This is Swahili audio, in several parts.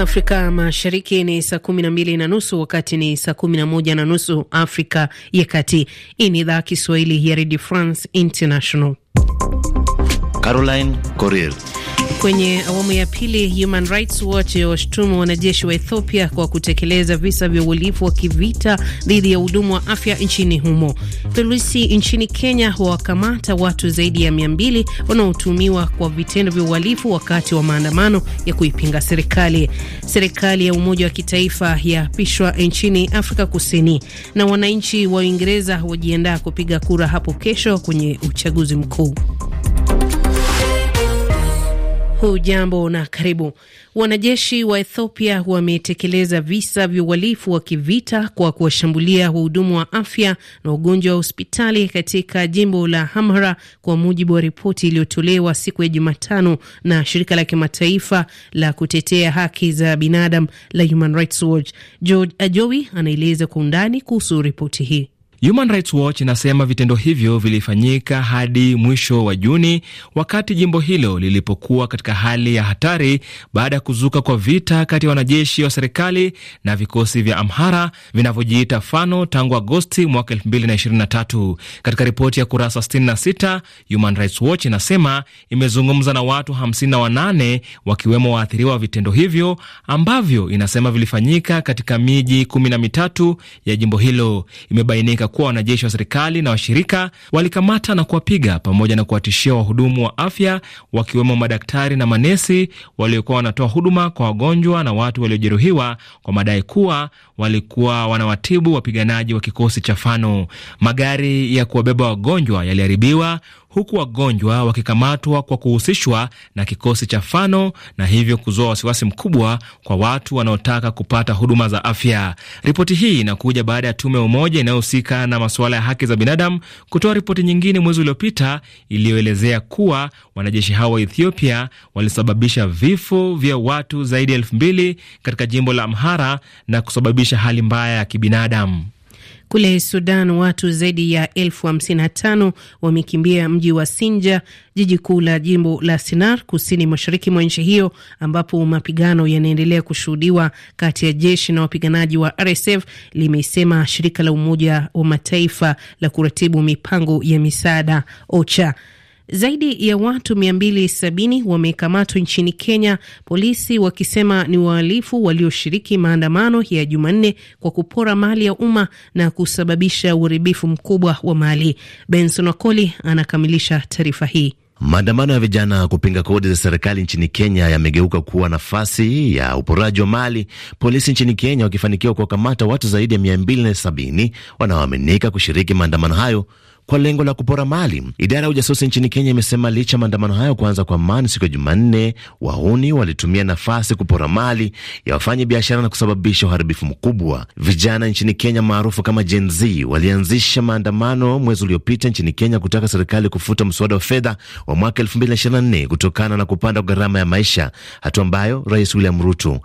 Afrika Mashariki ni saa kumi na mbili na nusu wakati ni saa kumi na moja na nusu Afrika ya Kati. Hii ni idhaa Kiswahili ya redio France International. Caroline Coril Kwenye awamu ya pili, Human Rights Watch washutumu wanajeshi wa Ethiopia kwa kutekeleza visa vya uhalifu wa kivita dhidi ya hudumu wa afya nchini humo. Polisi nchini Kenya wawakamata watu zaidi ya mia mbili wanaotumiwa kwa vitendo vya uhalifu wakati wa maandamano ya kuipinga serikali. Serikali ya umoja wa kitaifa yaapishwa nchini Afrika Kusini, na wananchi wa Uingereza wajiandaa kupiga kura hapo kesho kwenye uchaguzi mkuu. Hujambo na karibu. Wanajeshi wa Ethiopia wametekeleza visa vya uhalifu wa kivita kwa kuwashambulia wahudumu wa afya na wagonjwa wa hospitali katika jimbo la Amhara, kwa mujibu wa ripoti iliyotolewa siku ya Jumatano na shirika la kimataifa la kutetea haki za binadamu la Human Rights Watch. George Ajowi anaeleza kwa undani kuhusu ripoti hii. Human Rights Watch inasema vitendo hivyo vilifanyika hadi mwisho wa Juni wakati jimbo hilo lilipokuwa katika hali ya hatari baada ya kuzuka kwa vita kati ya wanajeshi wa serikali na vikosi vya Amhara vinavyojiita Fano tangu Agosti mwaka 2023. Katika ripoti ya kurasa 66, Human Rights Watch inasema imezungumza na watu 58 wakiwemo waathiriwa wa vitendo hivyo ambavyo inasema vilifanyika katika miji 13 ya jimbo hilo. Imebainika kuwa wanajeshi wa serikali na washirika walikamata na kuwapiga pamoja na kuwatishia wahudumu wa afya wakiwemo madaktari na manesi waliokuwa wanatoa huduma kwa wagonjwa na watu waliojeruhiwa kwa madai kuwa walikuwa wanawatibu wapiganaji wa kikosi cha Fano. Magari ya kuwabeba wagonjwa yaliharibiwa huku wagonjwa wakikamatwa kwa kuhusishwa na kikosi cha Fano na hivyo kuzua wasiwasi mkubwa kwa watu wanaotaka kupata huduma za afya. Ripoti hii inakuja baada ya tume ya Umoja inayohusika na masuala ya haki za binadamu kutoa ripoti nyingine mwezi uliopita iliyoelezea kuwa wanajeshi hao wa Ethiopia walisababisha vifo vya watu zaidi ya elfu mbili katika jimbo la Amhara na kusababisha hali mbaya ya kibinadamu. Kule Sudan, watu zaidi ya elfu hamsini na tano wamekimbia mji wa Sinja, jiji kuu la jimbo la Sinar, kusini mashariki mwa nchi hiyo, ambapo mapigano yanaendelea kushuhudiwa kati ya jeshi na wapiganaji wa RSF, limesema shirika la Umoja wa Mataifa la kuratibu mipango ya misaada OCHA. Zaidi ya watu 270 wamekamatwa nchini Kenya, polisi wakisema ni wahalifu walioshiriki maandamano ya Jumanne kwa kupora mali ya umma na kusababisha uharibifu mkubwa wa mali. Benson Wakoli anakamilisha taarifa hii. Maandamano ya vijana kupinga kodi za serikali nchini Kenya yamegeuka kuwa nafasi ya uporaji wa mali, polisi nchini Kenya wakifanikiwa kuwakamata watu zaidi ya 270 wanaoaminika kushiriki maandamano hayo kwa lengo la kupora mali. Idara ya ujasusi nchini Kenya imesema licha ya maandamano hayo kuanza kwa amani siku ya Jumanne, wahuni walitumia nafasi kupora mali ya wafanya biashara na kusababisha uharibifu mkubwa. Vijana nchini Kenya maarufu kama Gen Z walianzisha maandamano mwezi uliopita nchini Kenya kutaka serikali kufuta mswada wa fedha wa mwaka 2024 kutokana na kupanda gharama ya maisha, hatua ambayo Rais William Ruto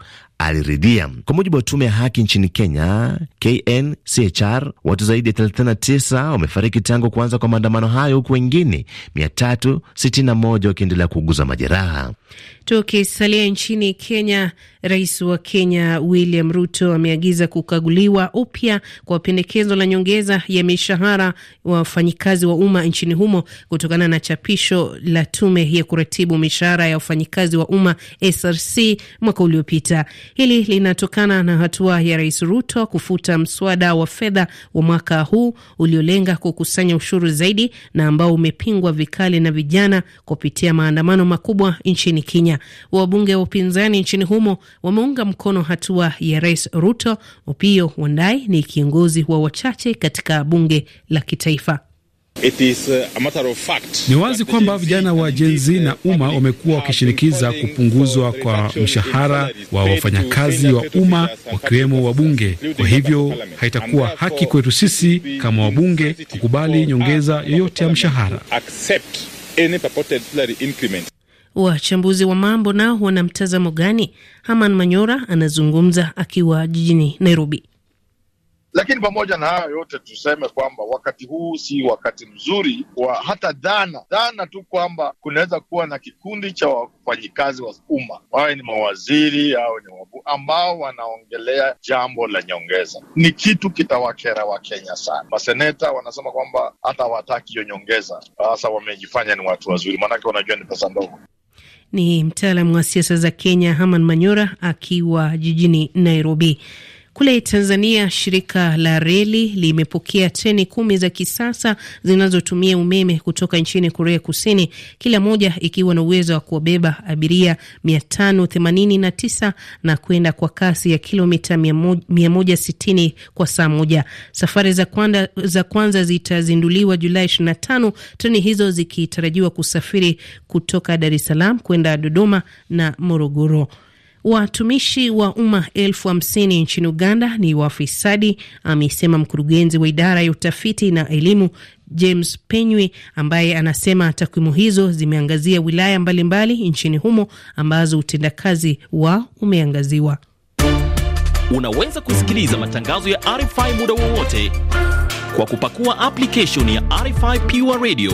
aliridhia. Kwa mujibu wa tume ya haki nchini Kenya, KNCHR, watu zaidi ya 39 wamefariki tangu kuanza kwa maandamano hayo, huku wengine 361 wakiendelea kuuguza majeraha. Tukisalia nchini Kenya, Rais wa Kenya William Ruto ameagiza kukaguliwa upya kwa pendekezo la nyongeza ya mishahara wa wafanyikazi wa umma nchini humo kutokana na chapisho la tume ya kuratibu mishahara ya wafanyikazi wa umma SRC mwaka uliopita. Hili linatokana na hatua ya Rais Ruto kufuta mswada wa fedha wa mwaka huu uliolenga kukusanya ushuru zaidi na ambao umepingwa vikali na vijana kupitia maandamano makubwa nchini Kenya. Wabunge wa upinzani nchini humo wameunga mkono hatua ya Rais Ruto. Opiyo Wandayi ni kiongozi wa wachache katika bunge la kitaifa. It is uh, a matter of fact, ni wazi kwamba vijana wa Gen Z na umma wamekuwa wakishinikiza kupunguzwa kwa mshahara wa wafanyakazi wa umma wakiwemo wabunge. Kwa hivyo haitakuwa haki kwetu sisi kama wabunge kukubali nyongeza yoyote ya mshahara. Wachambuzi wa mambo nao wana mtazamo gani? Haman Manyora anazungumza akiwa jijini Nairobi. Lakini pamoja na hayo yote, tuseme kwamba wakati huu si wakati mzuri wa hata dhana dhana tu kwamba kunaweza kuwa na kikundi cha wafanyikazi wa umma, wawe ni mawaziri au ni wabu, ambao wanaongelea jambo la nyongeza. Ni kitu kitawakera Wakenya sana. Maseneta wanasema kwamba hata hawataki hiyo nyongeza, sasa wamejifanya ni watu wazuri, maanake wanajua ni pesa ndogo. Ni mtaalamu wa siasa za Kenya haman Manyora akiwa jijini Nairobi. Kule Tanzania, shirika la reli limepokea treni kumi za kisasa zinazotumia umeme kutoka nchini Korea Kusini, kila moja ikiwa na uwezo wa kuwabeba abiria 589 na kwenda kwa kasi ya kilomita 160 kwa saa moja. Safari za kwanza, za kwanza zitazinduliwa Julai 25, treni hizo zikitarajiwa kusafiri kutoka Dar es Salaam kwenda Dodoma na Morogoro. Watumishi wa umma elfu hamsini nchini Uganda ni wafisadi, amesema mkurugenzi wa idara ya utafiti na elimu James Penywe ambaye anasema takwimu hizo zimeangazia wilaya mbalimbali mbali nchini humo ambazo utendakazi wao umeangaziwa. Unaweza kusikiliza matangazo ya RFI muda wowote kwa kupakua application ya RFI Pure Radio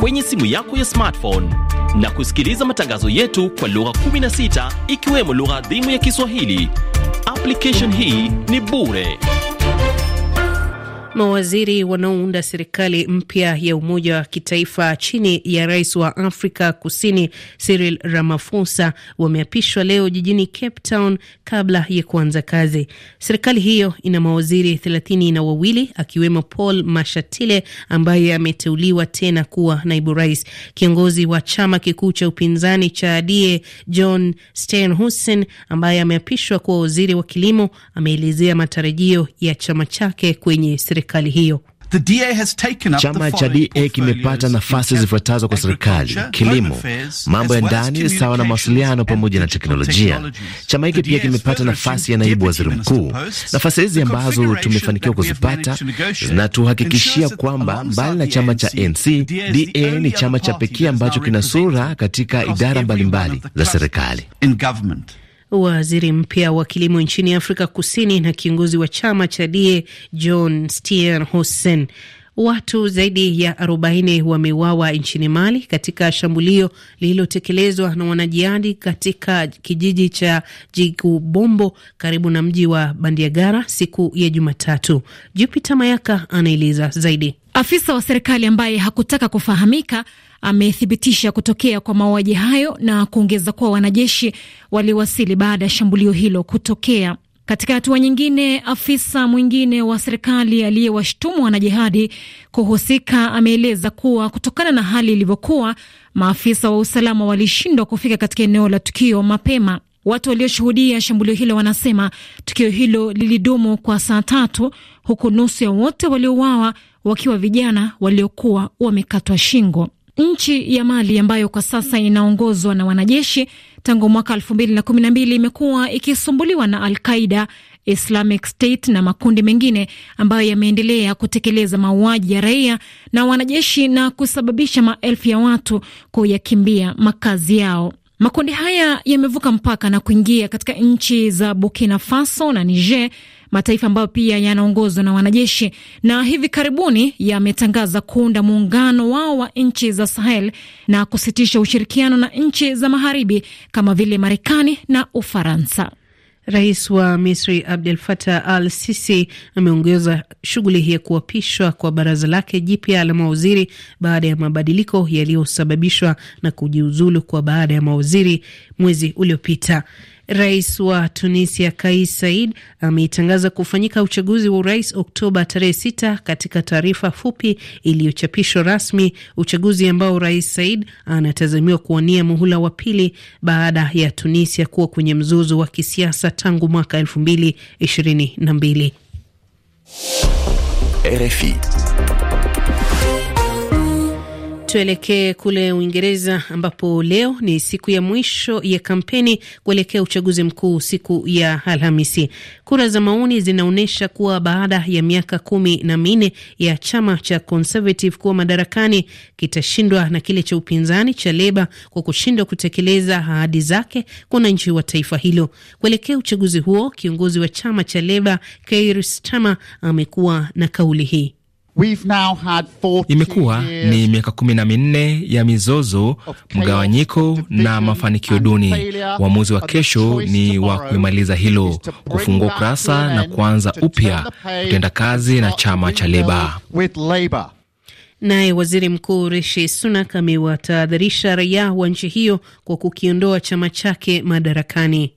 kwenye simu yako ya smartphone na kusikiliza matangazo yetu kwa lugha 16 ikiwemo lugha adhimu ya Kiswahili. Application hii ni bure. Mawaziri wanaounda serikali mpya ya umoja wa kitaifa chini ya rais wa Afrika Kusini Cyril Ramaphosa wameapishwa leo jijini Cape Town kabla ya kuanza kazi. Serikali hiyo ina mawaziri thelathini na wawili akiwemo Paul Mashatile ambaye ameteuliwa tena kuwa naibu rais. Kiongozi wa chama kikuu cha upinzani cha DA John Steenhuisen ambaye ameapishwa kuwa waziri wa kilimo ameelezea matarajio ya chama chake kwenye serikali serikali hiyo. Chama cha DA kimepata nafasi zifuatazo kwa serikali: kilimo, mambo ya ndani, sawa na mawasiliano pamoja na teknolojia. Chama hiki pia kimepata nafasi ya naibu waziri mkuu. Nafasi hizi ambazo tumefanikiwa kuzipata zinatuhakikishia kwamba mbali na chama cha NC, DA ni chama cha pekee ambacho kina sura katika idara mbalimbali mbali za serikali. Waziri mpya wa kilimo nchini Afrika Kusini na kiongozi wa chama cha DA John hossen Watu zaidi ya 40 wameuawa nchini Mali katika shambulio lililotekelezwa na wanajihadi katika kijiji cha Jigubombo karibu na mji wa Bandiagara siku ya Jumatatu. Jupiter Mayaka anaeleza zaidi. Afisa wa serikali ambaye hakutaka kufahamika amethibitisha kutokea kwa mauaji hayo na kuongeza kuwa wanajeshi waliwasili baada ya shambulio hilo kutokea. Katika hatua nyingine, afisa mwingine wa serikali aliyewashtumu wanajihadi kuhusika ameeleza kuwa kutokana na hali ilivyokuwa, maafisa wa usalama walishindwa kufika katika eneo la tukio mapema. Watu walioshuhudia shambulio hilo wanasema tukio hilo lilidumu kwa saa tatu, huku nusu ya wote waliouawa wakiwa vijana waliokuwa wamekatwa shingo. Nchi ya Mali ambayo kwa sasa inaongozwa na wanajeshi tangu mwaka 2012 imekuwa ikisumbuliwa na Al-Qaida, Islamic State na makundi mengine ambayo yameendelea kutekeleza mauaji ya raia na wanajeshi na kusababisha maelfu ya watu kuyakimbia makazi yao. Makundi haya yamevuka mpaka na kuingia katika nchi za Burkina Faso na Niger mataifa ambayo pia yanaongozwa na wanajeshi na hivi karibuni yametangaza kuunda muungano wao wa nchi za Sahel na kusitisha ushirikiano na nchi za magharibi kama vile Marekani na Ufaransa. Rais wa Misri Abdel Fattah Al Sisi ameongeza shughuli ya kuapishwa kwa baraza lake jipya la mawaziri baada ya mabadiliko yaliyosababishwa na kujiuzulu kwa baada ya mawaziri mwezi uliopita. Rais wa Tunisia Kais Said ameitangaza kufanyika uchaguzi wa urais Oktoba tarehe 6 katika taarifa fupi iliyochapishwa rasmi, uchaguzi ambao Rais Said anatazamiwa kuwania muhula wa pili baada ya Tunisia kuwa kwenye mzozo wa kisiasa tangu mwaka 2022. RFI Tuelekee kule Uingereza ambapo leo ni siku ya mwisho ya kampeni kuelekea uchaguzi mkuu siku ya Alhamisi. Kura za maoni zinaonyesha kuwa baada ya miaka kumi na minne ya chama cha Conservative kuwa madarakani kitashindwa na kile cha upinzani cha Leba kwa kushindwa kutekeleza ahadi zake kwa wananchi wa taifa hilo. Kuelekea uchaguzi huo, kiongozi wa chama cha Leba Keir Starmer amekuwa na kauli hii. Imekuwa ni miaka kumi na minne ya mizozo, mgawanyiko na mafanikio duni. Uamuzi wa kesho ni wa kuimaliza hilo, kufungua ukurasa na kuanza upya kutenda kazi na chama cha Leba. Naye waziri mkuu Rishi Sunak amewatahadharisha raia wa nchi hiyo kwa kukiondoa chama chake madarakani.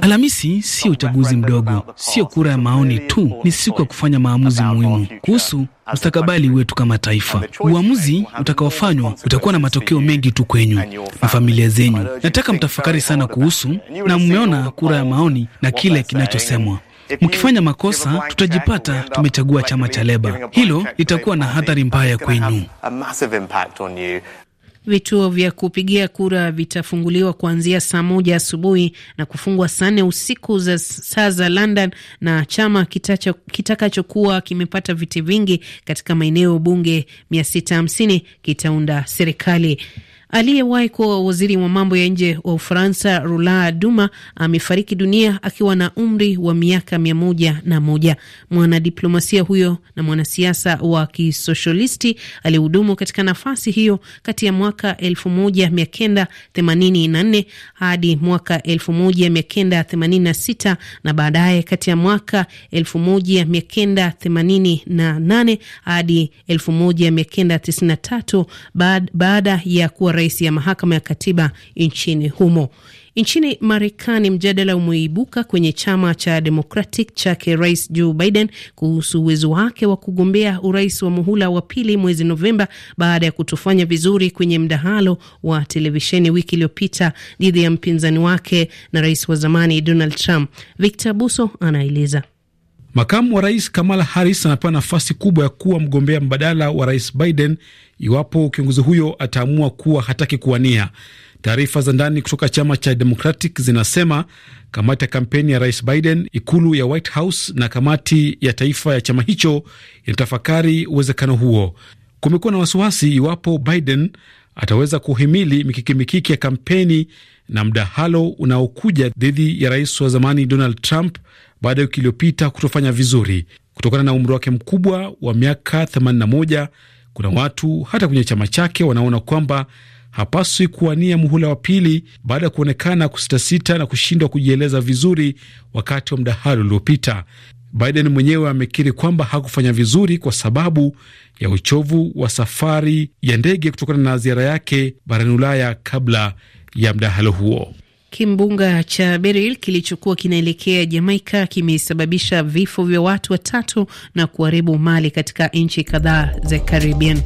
Alhamisi sio uchaguzi mdogo, sio kura ya maoni tu, ni siku ya kufanya maamuzi muhimu kuhusu mustakabali wetu kama taifa. Uamuzi utakaofanywa utakuwa na matokeo mengi tu kwenyu na familia zenyu. Nataka mtafakari sana kuhusu, na mmeona kura ya maoni na kile kinachosemwa. Mkifanya makosa, tutajipata tumechagua chama cha Leba. Hilo litakuwa na hathari mbaya kwenyu. Vituo vya kupigia kura vitafunguliwa kuanzia saa moja asubuhi na kufungwa saa nne usiku za saa za London, na chama kitakachokuwa kita kimepata viti vingi katika maeneo bunge mia sita hamsini kitaunda serikali. Aliyewahi kuwa waziri wa mambo ya nje wa Ufaransa, Rula Duma, amefariki dunia akiwa na umri wa miaka mia moja na moja. Mwanadiplomasia huyo na mwanasiasa wa kisoshalisti alihudumu katika nafasi hiyo kati ya mwaka 1984 hadi mwaka 1986 na baadaye kati ya mwaka 1988 hadi 1993 baada ya kuwa rais ya mahakama ya katiba nchini humo. Nchini Marekani, mjadala umeibuka kwenye chama cha Democratic chake Rais Joe Biden kuhusu uwezo wake wa kugombea urais wa muhula wa pili mwezi Novemba baada ya kutofanya vizuri kwenye mdahalo wa televisheni wiki iliyopita dhidi ya mpinzani wake na rais wa zamani Donald Trump. Victor Buso anaeleza. Makamu wa rais Kamala Harris anapewa nafasi kubwa ya kuwa mgombea mbadala wa rais Biden iwapo kiongozi huyo ataamua kuwa hataki kuwania. Taarifa za ndani kutoka chama cha Democratic zinasema kamati ya kampeni ya rais Biden, ikulu ya White House na kamati ya taifa ya chama hicho inatafakari uwezekano huo. Kumekuwa na wasiwasi iwapo Biden ataweza kuhimili mikikimikiki ya kampeni na mdahalo unaokuja dhidi ya rais wa zamani Donald Trump baada ya wiki iliyopita kutofanya vizuri kutokana na umri wake mkubwa wa miaka 81. Kuna watu hata kwenye chama chake wanaona kwamba hapaswi kuwania muhula wa pili baada ya kuonekana kusitasita na kushindwa kujieleza vizuri wakati wa mdahalo uliopita. Biden mwenyewe amekiri kwamba hakufanya vizuri kwa sababu ya uchovu wa safari ya ndege kutokana na ziara yake barani Ulaya kabla ya mdahalo huo. Kimbunga cha Beryl kilichokuwa kinaelekea Jamaika kimesababisha vifo vya watu watatu na kuharibu mali katika nchi kadhaa za Caribbean.